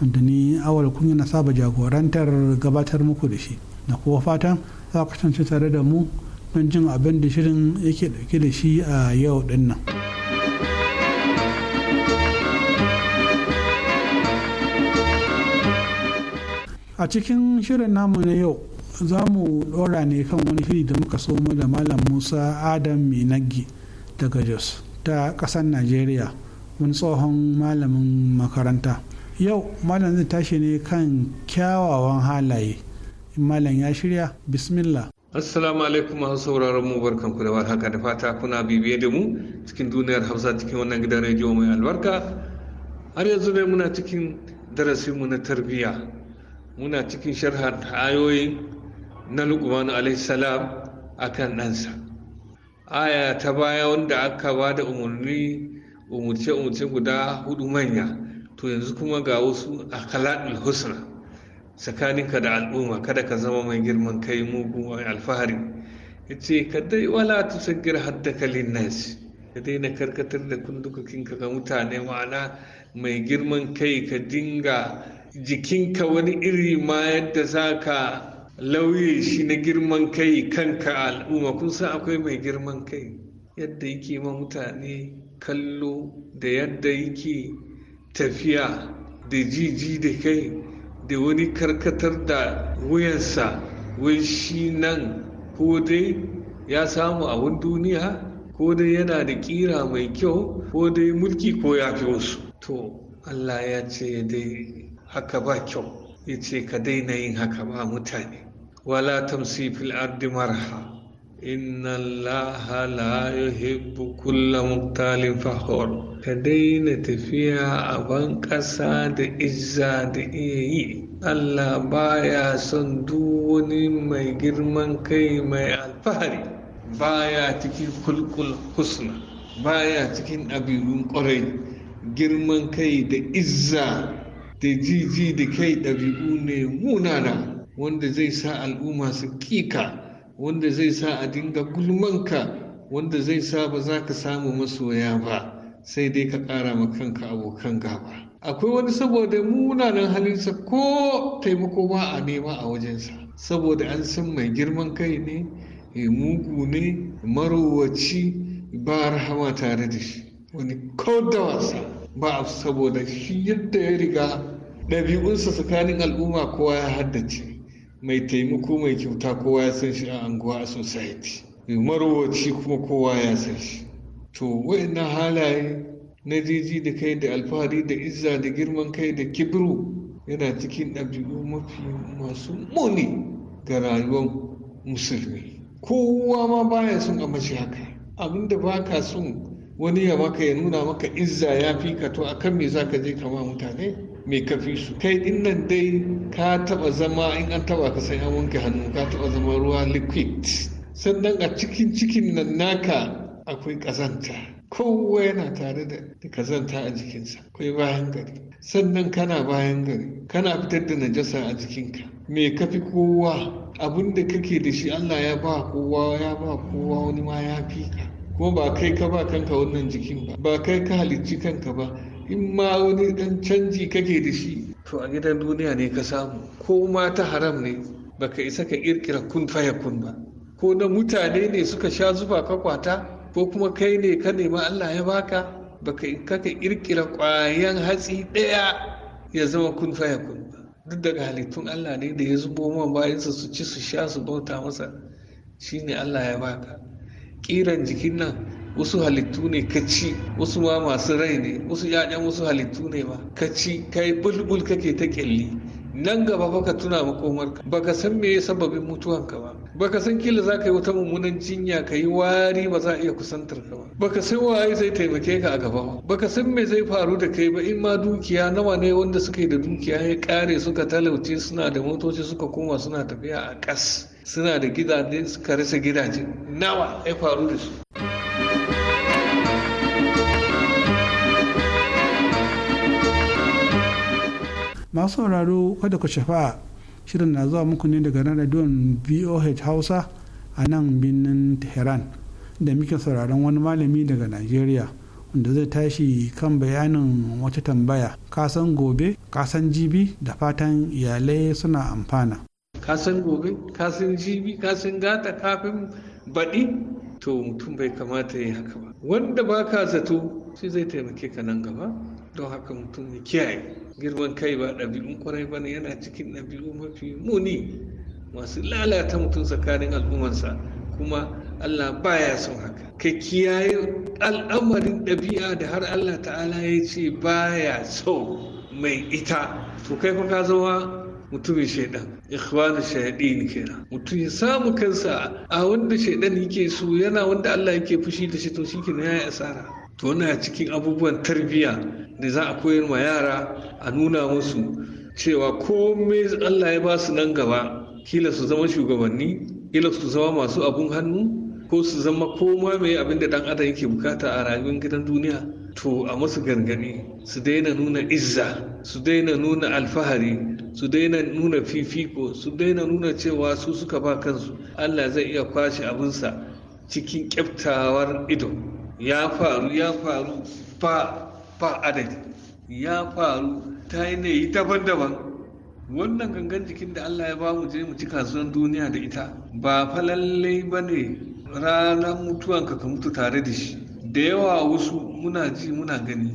wanda ni awal kunya na saba jagorantar gabatar muku da shi na kuma fatan za ku tare da mu don jin abin da shirin yake dauke da shi a yau dinnan. nan. a cikin shirin namu na yau za mu dora ne kan wani shiri da muka somo da malam musa adam minaggi daga jos ta kasar nigeria wani tsohon malamin makaranta yau malam zai tashi ne kan kyawawan halaye malam ya shirya bismillah assalamu alaikum masu sauraron mu barkan ku da haka da fata kuna bibiye da mu cikin duniyar hausa cikin wannan gidan rediyo mai albarka har yanzu ne muna cikin darasinmu na tarbiyya muna cikin sharhar ayoyi na lukman alaihissalam a kan ɗansa aya ta baya wanda aka ba da umarni umarce-umarce guda hudu manya to yanzu kuma ga wasu akhlaqul husna tsakaninka da al'umma kada ka zama mai girman kai mugu mai alfahari ce, ka dai wala tusaggir kalin nasi ka dai na karkatar da kundukokinka ga mutane ma'ana mai girman kai ka dinga jikinka wani iri ma yadda za ka lauye shi na girman kai kanka al'umma kun san akwai mai girman kai yadda yake ma mutane kallo da yadda yake tafiya da jiji da kai da wani karkatar da wuyansa wai shi nan ko dai ya samu abin duniya ko dai yana da kira mai kyau ko dai mulki ko ya fi wasu to allah ya ce dai haka ba kyau yace ka daina yin haka ba mutane wala tamsi fil ardi marha inna allaha la yuhibbu kulla muqtalin fakhur ka daina tafiya a ban ƙasa da izza da iya yi allah baya son duk wani mai girman kai mai alfahari baya cikin kulkul husna baya cikin abirun kwarai, girman kai da izza da jiji da kai ɗabi'u ne munana wanda zai sa al'umma su kika wanda zai sa a dinga gulmanka wanda zai sa ba za ka samu masoya ba sai dai ka ƙara ma kanka abokan gaba akwai wani saboda munanan halinsa ko taimako ba a nema a wajensa saboda an san mai girman kai ne mugu ne marowaci ba rahama tare da shi wani ko da wasa ba saboda shi yadda ya riga ɗabi'unsa tsakanin al'umma kowa ya haddace mai taimako mai kyauta kowa ya san shi a anguwa a society marowaci kuma kowa ya san shi to na halaye na jiji da kai da alfahari da izza da girman kai da kibiru yana cikin ɗabi'u mafi masu muni ga rayuwar musulmi kowa ma baya son a mace haka abinda ba ka son wani ya maka ya nuna maka izza ya fi ka to akan me za ka je kama mutane mai kafi su kai din nan dai ka taba zama in an taba ka sai an wanke hannu ka taba zama ruwa liquid sannan a cikin cikin nan naka akwai kazanta kowa yana tare da kazanta a jikinsa akwai bayan gari sannan kana bayan gari kana fitar da najasa a jikinka me ka fi kowa abin da kake da shi allah ya ba kowa ya ba kowa wani ma ya fi ka Kuma ba kai ka ba kanka wannan jikin ba ba kai ka halicci kanka ba in ma wani dan canji kake da shi to a gidan duniya ne ka samu ko ma ta haram ne baka isa ka kirkira kun faya kun ba ko na mutane ne suka sha zuba ka kwata ko kuma kai ne ka nema Allah ya baka baka kaka kirkira kwayan hatsi daya ya zama kun faya kun ba duk daga halittun Allah ne da ya zubo man bayansa su ci su sha su bauta masa shine Allah ya baka ƙiran jikin nan wasu halittu ne ka ci wasu ma masu rai ne wasu yayan wasu halittu ne ma ka ci kai bulbul kake ta ƙyalli nan gaba baka tuna makomarka baka san me sababin mutuwanka ba baka san kila za ka yi wata mummunan jinya ka yi wari ba za a iya kusantar ka ba baka san waye zai taimake ka a gaba ba baka san me zai faru da kai ba in ma dukiya nawa ne wanda suke da dukiya ya kare suka talauce suna da motoci suka koma suna tafiya a ƙas suna da gidaje suka rasa gidaje nawa ya faru da su masu sauraro kada ku shafa shirin na zuwa muku ne daga nan radiyon voh hausa a nan birnin tehran da muke sauraron wani malami daga nigeria wanda zai tashi kan bayanin wata tambaya kasan gobe kasan jibi da fatan iyalai suna amfana ka san gobe ka san jibi ka san gata kafin baɗi to mutum bai kamata ya haka ba wanda ba ka zato shi zai taimake ka nan gaba don haka mutum ya kiyaye girman kai ba ɗabi'un kwarai ba ne yana cikin ɗabi'u mafi muni masu lalata mutum tsakanin al'ummarsa kuma allah baya son haka ka kiyaye al'amarin ɗabi'a da har allah ta'ala ya ce baya so mai ita to kai fa ka zama mutumin shaidan ikhwanu shaidin kenan mutum ya samu kansa a wanda shaidan yake so yana wanda Allah yake fushi da shi to shikenan yayi asara to na cikin abubuwan tarbiyya da za a koyar ma yara a nuna musu cewa komai Allah ya ba su nan gaba kila su zama shugabanni kila su zama masu abun hannu ko su zama koma mai abin da dan adam yake bukata a rayuwar gidan duniya to a musu gargadi su daina nuna izza su daina nuna alfahari su daina nuna fifiko su daina nuna cewa su suka ba kansu allah zai iya kwashe abinsa cikin kyaftawar ido ya faru ya faru fa fa adadi ya faru ta yi daban-daban wannan gangan jikin da allah ya ba mu je mu ci kasuwan duniya da ita ba falallai lallai ba ne ranar mutuwanka ka mutu tare da shi da yawa wasu muna ji muna gani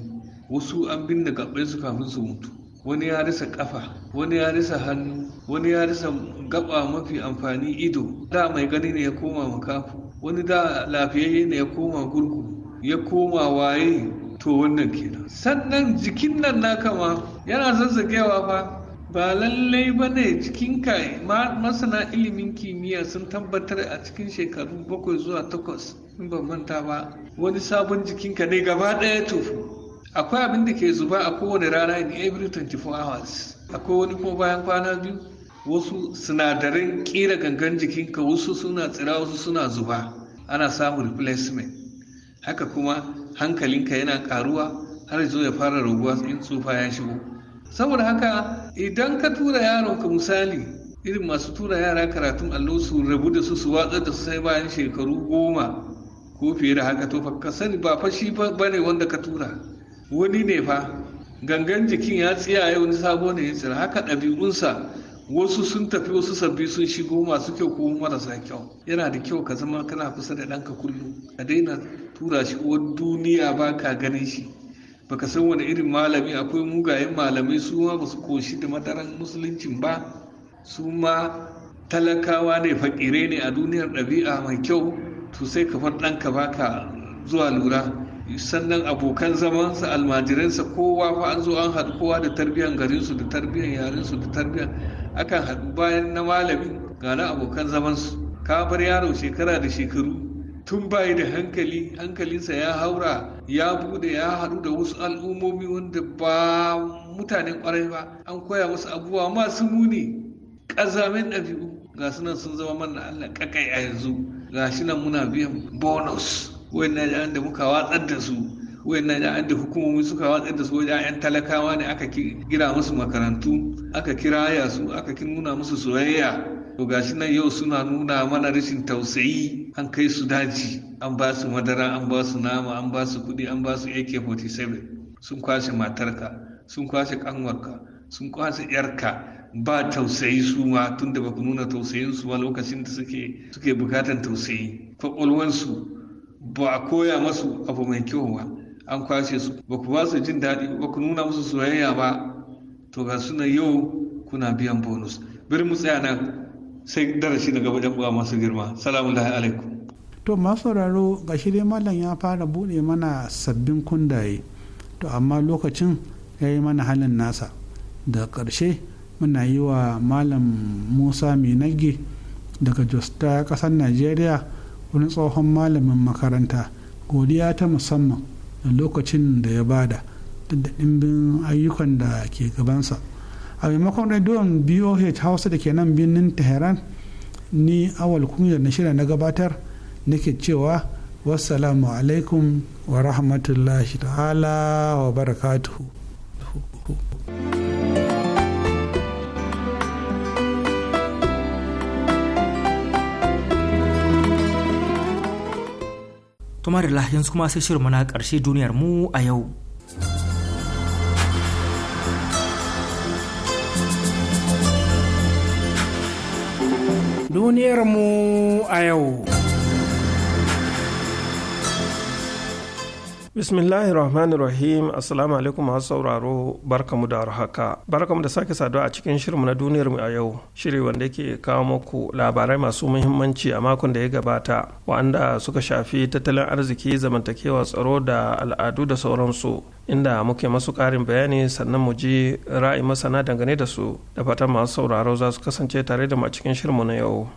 wasu an binne gaɓar su kafin su mutu wani ya rasa kafa wani ya rasa hannu wani ya rasa gaɓa mafi amfani ido da mai gani ne ya koma makafu wani da lafiyayye ne ya koma gurgu ya koma waye to wannan kenan sannan jikin nan na kama yana zazzagewa fa ba lallai ba ne cikin kai masana ilimin kimiyya sun tabbatar a cikin shekaru bakwai zuwa takwas in ban manta ba wani sabon jikinka ne gaba ɗaya tufu. akwai abin da ke zuba a kowane rana in every 24 hours akwai wani kuma bayan kwana biyu wasu sinadaran kira gangan jikinka wasu suna tsira wasu suna zuba ana samun replacement haka kuma hankalinka yana karuwa har zo ya fara raguwa in tsufa ya shigo saboda haka idan ka tura yaron ka misali irin masu tura yara karatun allo su rabu da su su watsa da su sai bayan shekaru goma ko fiye da haka to ka sani ba fa shi ba ne wanda ka tura wani ne fa gangan jikin ya yau, wani sabo ne ya tsira haka ɗabi'unsa wasu sun tafi wasu sabbi sun shigo masu kyau ko marasa kyau yana da kyau ka zama kana kusa da ɗanka kullum a daina tura shi uwar duniya ba ka ganin shi baka san wani irin malami akwai mugayen malamai su ma ba su koshi da madaran musuluncin ba su ma talakawa ne fakirai ne a duniyar ɗabi'a mai kyau to sai ka far ɗanka baka zuwa lura sannan abokan zamansa almajiransa kowa fa an zo an haɗu kowa da tarbiyyar garinsu da tarbiyyar yarensu da tarbiyyar akan haɗu bayan na malamin ga na abokan zamansu ka bar yaro shekara da shekaru tun bayi da hankali hankalinsa ya haura ya bude ya haɗu da wasu al'ummomi wanda ba mutanen ƙwarai ba an koya wasu abubuwa masu muni ƙazamin ɗabi'u ga sunan sun zama mana allah ƙaƙai a yanzu ga shi nan muna biyan bonus wayannan jami'an da muka watsar da su na jami'an da hukumomi suka watsar da su wajen ya'yan talakawa ne aka kira musu makarantu aka kiraya su aka nuna musu soyayya to ga shi nan yau suna nuna mana rashin tausayi an kai su daji an ba su madara an ba su nama an ba su kuɗi an ba su ak-47 sun kwashe matarka sun kwashe kanwarka sun kwashe yarka ba tausayi su ma tunda ba ku nuna tausayin su ba lokacin da suke suke bukatan tausayi kwakwalwansu ba a koya masu abu mai kyau ba an kwashe su ba ku ba su jin daɗi ba ku nuna musu soyayya ba to ga suna yau kuna biyan bonus bari mu tsaya nan sai darasi daga wajen uwa masu girma salamun alaikum to ma sauraro ga dai malam ya fara bude mana sabbin kundaye to amma lokacin ya yi mana halin nasa da karshe muna yi wa malam musa minage daga jos ta ƙasar najeriya wani tsohon malamin makaranta godiya ta musamman da lokacin da ya bada da ɗimbin ayyukan da ke gabansa a maimakon rediyon boh hausa da ke nan birnin tehran ni awal kunya na shirya na gabatar nake cewa wassalamu alaikum wa rahmatullahi ta'ala wa barakatuhu tumar yanzu kuma sai shirin mana karshe duniyar mu a yau duniyarmu a yau. bismillahir rahmanir rahim assalamu alaikum masu sauraro barkamu da haka barkamu da sake saduwa a cikin shirinmu na duniyar mu a yau shiri wanda ke kawo muku labarai masu muhimmanci a makon da ya gabata wanda suka shafi tattalin arziki zamantakewa tsaro da al'adu da sauransu inda muke masu karin bayani sannan mu ji ra'ayi masana dangane da su da fatan masu sauraro za su kasance tare da mu a cikin shirinmu na yau.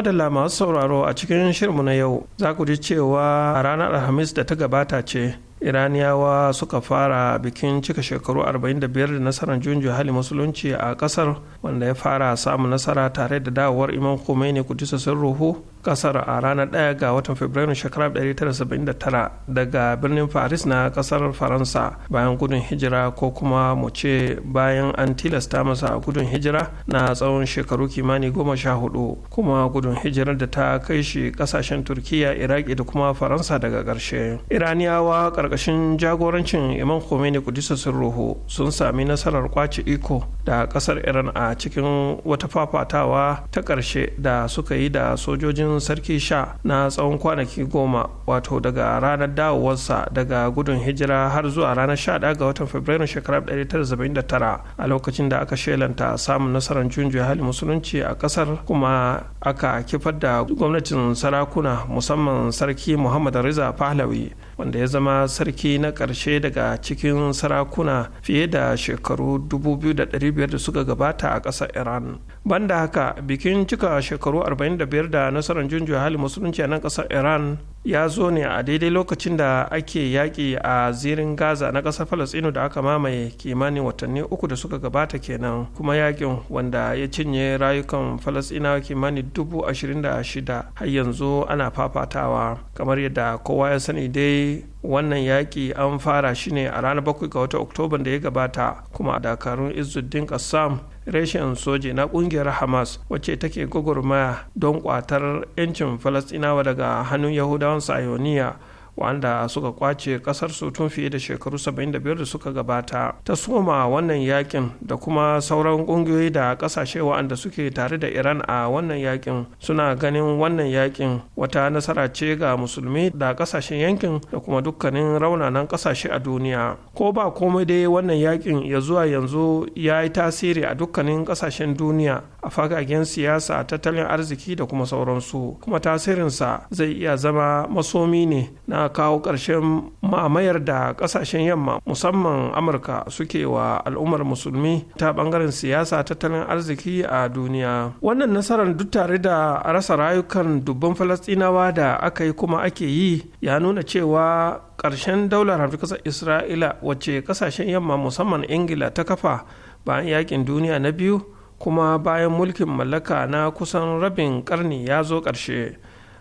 da masu sauraro a cikin shirmu na yau za ku ji cewa a ranar alhamis da ta gabata ce iraniyawa suka fara bikin cika shekaru 45 da nasarar junju hali musulunci a kasar wanda ya fara samun nasara tare da dawowar imam khomeini kudisa sun ruhu kasar a ranar 1 ga watan fabrairu shekarar 1979 daga birnin paris na kasar faransa bayan gudun hijira ko kuma mu ce bayan an tilasta masa gudun hijira na tsawon shekaru kimani goma sha hudu kuma gudun hijirar da ta kai shi kasashen turkiya iraki da kuma faransa daga ƙarshe iraniyawa ƙarƙashin jagorancin imam khomeini kudisa sun ruhu sun sami nasarar kwace iko da kasar iran a cikin wata fafatawa ta ƙarshe da suka yi da sojojin hannun sarki sha na tsawon kwanaki goma wato daga ranar dawowarsa daga gudun hijira har zuwa ranar 11 ga watan fabrairu shekarar 1979 a lokacin da aka shelanta samun nasarar junjiya hali musulunci a kasar kuma aka kifar da gwamnatin sarakuna musamman sarki muhammad riza pahlawi wanda ya zama sarki na ƙarshe daga cikin sarakuna fiye da shekaru 2500 da suka gabata a ƙasar iran banda haka bikin cika shekaru 45 da nasarar junjuya hali musulunci a nan kasar iran ya zo ne a daidai lokacin da ake yaƙi a zirin gaza na ƙasar falastinu da aka mamaye kimanin watanni uku da suka gabata kenan kuma yaƙin wanda ya cinye rayukan falastinawa kimanin dubu ashirin da shida har yanzu ana fafatawa kamar yadda kowa ya sani dai wannan yaƙi an fara shi ne a ranar bakwai ga wata oktoban da ya gabata kuma a dakarun izuddin kassam reshen soji na kungiyar hamas wacce take gwagwarmaya don kwatar 'yancin falastinawa daga hannun yahudawan sayoniya wanda suka kwace kasarsu tun fiye da shekaru 75 da suka gabata ta soma wannan yakin da kuma sauran kungiyoyi da kasashe wa'anda suke tare da iran a wannan yakin suna ganin wannan yakin wata nasara ce ga musulmi da kasashen yankin da kuma dukkanin raunanan kasashe a duniya ko ba komai dai wannan yakin ya zuwa yanzu ya yi tasiri a dukkanin kasashen duniya a fagagen siyasa tattalin arziki da kuma sauransu kuma tasirinsa zai iya zama masomi ne na na kawo ƙarshen mamayar da ƙasashen yamma musamman amurka suke wa al'ummar musulmi ta ɓangaren siyasa tattalin arziki a duniya wannan nasarar duk tare da rasa rayukan dubban falastinawa da aka yi kuma ake yi ya nuna cewa ƙarshen daular hafi ƙasar isra'ila wacce ƙasashen yamma musamman ingila ta kafa bayan yakin duniya na biyu kuma bayan mulkin mallaka na kusan rabin ƙarni ya zo ƙarshe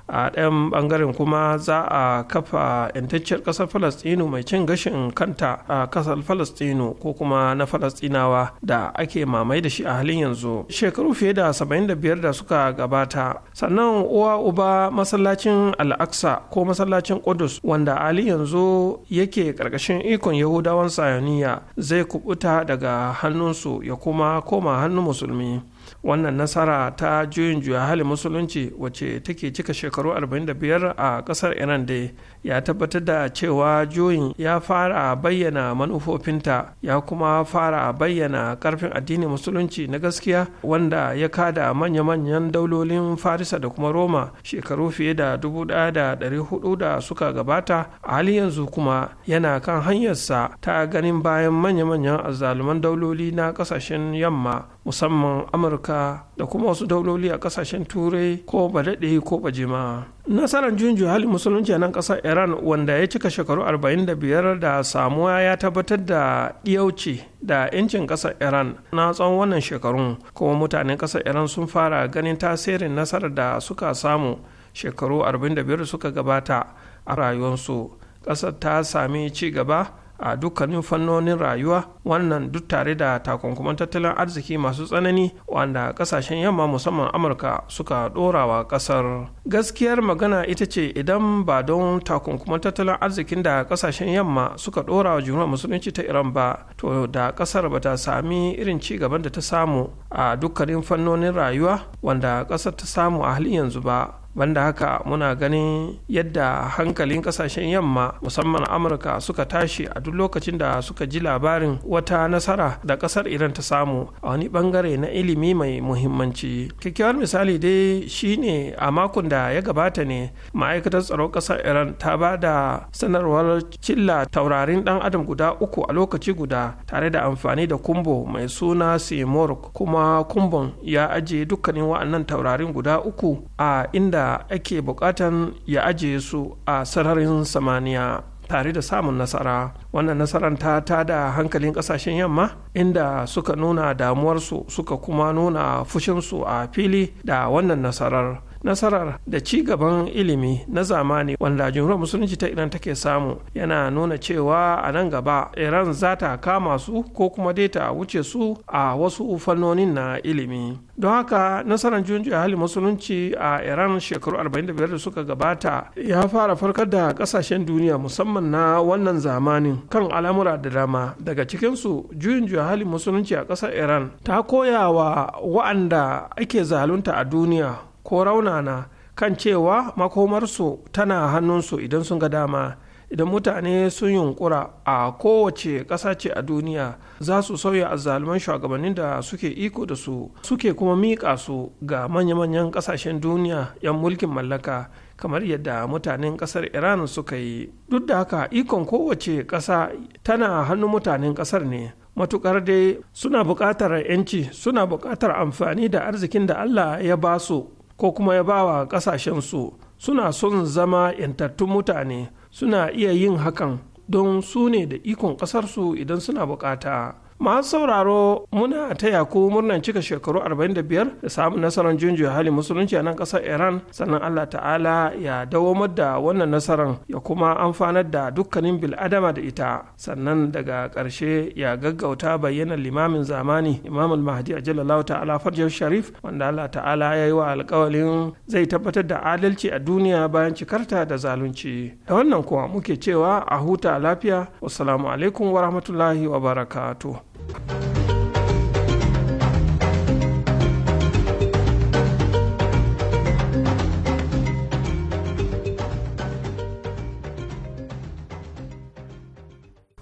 a ɗayan ɓangaren kuma za a kafa 'yantacciyar ƙasar falastinu mai cin gashin kanta a ƙasar falastinu ko kuma na falastinawa da ake mamai da shi a halin yanzu shekaru fiye da 75 da suka gabata sannan uwa uba masallacin al'aksa ko masallacin kudus wanda halin yanzu yake ƙarƙashin ikon yahudawan sayaniya zai kubuta daga hannunsu ya kuma koma hannun musulmi wannan nasara ta juyin juya hali musulunci wacce take cika shekaru 45 a kasar iran da ya tabbatar da cewa juyin ya fara bayyana manufofinta ya kuma fara bayyana karfin addinin musulunci na gaskiya wanda ya kada manya-manyan daulolin farisa da kuma roma shekaru fiye da 1400 da suka gabata a hali yanzu kuma yana kan hanyarsa ta ganin bayan manya-manyan azzaluman dauloli na kasashen yamma musamman amurka da kuma wasu dauloli a kasashen turai ko ba daɗe ko ba jima nasarar junju hali musulunci a nan ƙasar iran wanda ya cika shekaru 45 da samuwa ya tabbatar da ɗiyauci da 'yancin ƙasar iran na tsawon wannan shekarun kuma mutanen ƙasar iran sun fara ganin tasirin nasarar da suka samu shekaru 45 suka gabata a rayuwarsu ƙasar ta sami ci gaba a dukkanin fannonin rayuwa wannan duk tare da takunkuman tattalin arziki masu tsanani wanda kasashen yamma musamman amurka suka dorawa kasar gaskiyar magana ita ce idan ba don takunkuman tattalin arzikin da kasashen yamma suka dora wa jumhuriyar musulunci ta iran ba to da kasar ba ta sami irin ci gaban da ta samu a dukkanin fannonin rayuwa wanda kasar ta samu a halin yanzu ba banda haka muna ganin yadda hankalin kasashen yamma musamman amurka suka tashi a duk lokacin da suka ji labarin wata nasara da kasar iran ta samu a wani bangare na ilimi mai muhimmanci kyakkyawar misali dai shine a makon da ya gabata ne ma'aikatar tsaron kasar iran ta ba da sanarwar cilla taurarin dan adam guda uku a lokaci guda tare da amfani da kumbo mai suna simorg kuma kumbon ya ajiye dukkanin wa'annan taurarin guda uku a inda da ake bukatan ya ajiye su a sararin samaniya tare da samun nasara wannan nasarar ta ta da hankalin kasashen yamma inda suka nuna damuwarsu suka kuma nuna fushinsu a fili da wannan nasarar nasarar da ci gaban ilimi na zamani wanda jumhuriyar musulunci ta iran take samu yana nuna cewa a nan gaba iran za ta kama su ko kuma dai ta wuce su a wasu fannonin na ilimi don haka nasarar junjiya hali musulunci a iran shekaru 45 da suka gabata ya fara farkar da kasashen duniya musamman na wannan zamanin kan al'amura da dama daga cikinsu junjiya hali musulunci a ƙasar iran ta koya wa wa'anda ake zalunta a duniya ko raunana kan cewa makomarsu tana hannunsu idan sun ga dama idan mutane sun yunkura a kowace ƙasa ce a duniya za su sauya azzaluman shugabannin da suke iko da su suke kuma miƙa su ga manya-manyan ƙasashen duniya 'yan mulkin mallaka kamar yadda mutanen ƙasar iran suka yi duk da haka ikon kowace ƙasa tana hannun mutanen ƙasar ne matukar dai suna buƙatar 'yanci suna buƙatar amfani da arzikin da allah ya ba su ko kuma ya bawa su suna son zama 'yantattun mutane suna iya yin hakan don su ne da ikon ƙasarsu idan suna bukata masu sauraro muna taya ku murnan cika shekaru 45 da samun nasarar junjiya hali musulunci a nan kasar iran sannan allah ta'ala ya dawamar da wannan nasarar ya kuma amfanar da dukkanin bil'adama da ita sannan daga ƙarshe ya gaggauta bayyana limamin zamani imam mahdi ajalallahu ta'ala farjar sharif wanda allah ta'ala ya yi wa alƙawalin zai tabbatar da adalci a duniya bayan cikarta da zalunci da wannan kuwa muke cewa a huta lafiya wassalamu alaikum warahmatullahi rahmatullahi wa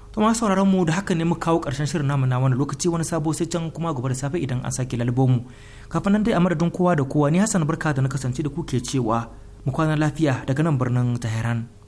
kuma sauraron mu da haka ne muka kawo karshen shirin namu na wani lokaci wani sabo sai can kuma gobe da safe idan an sake lalbomu kafin nan dai a madadin kowa da kowa ni hassan barka da na kasance da kuke cewa mu kwana lafiya daga nan birnin tehran